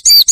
you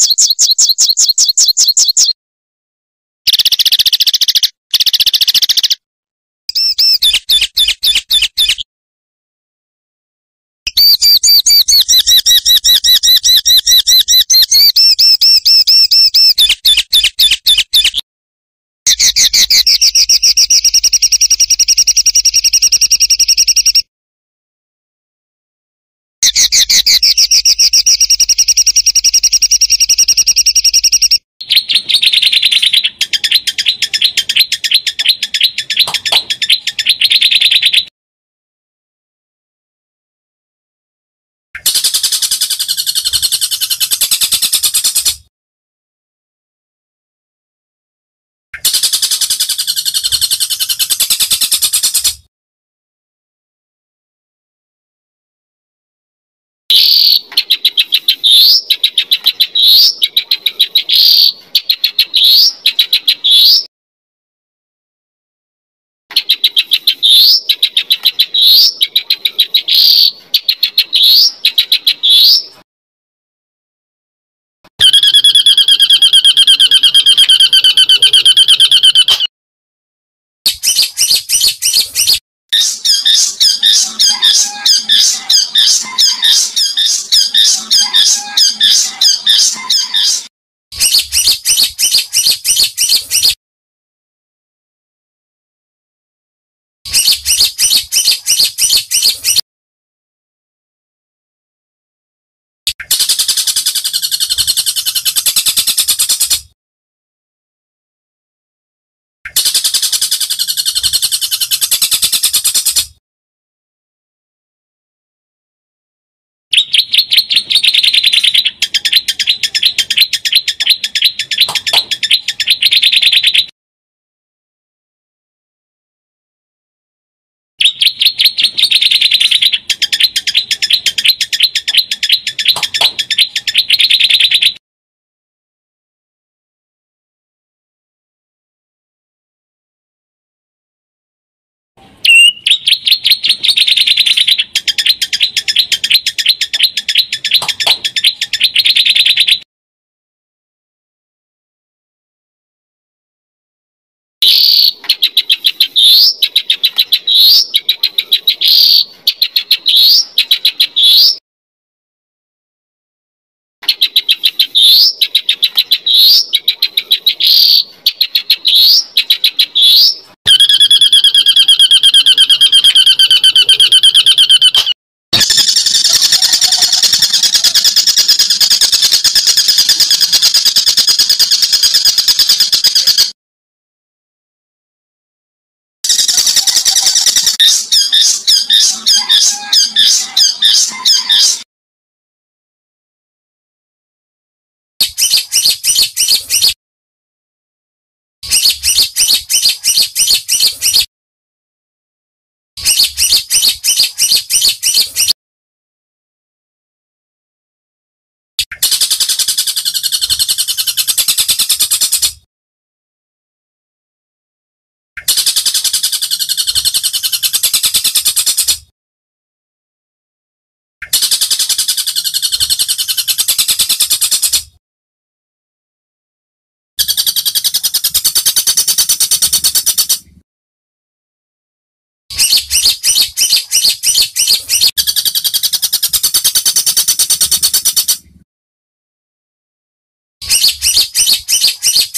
Thank you. Thank you.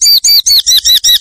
Thank you.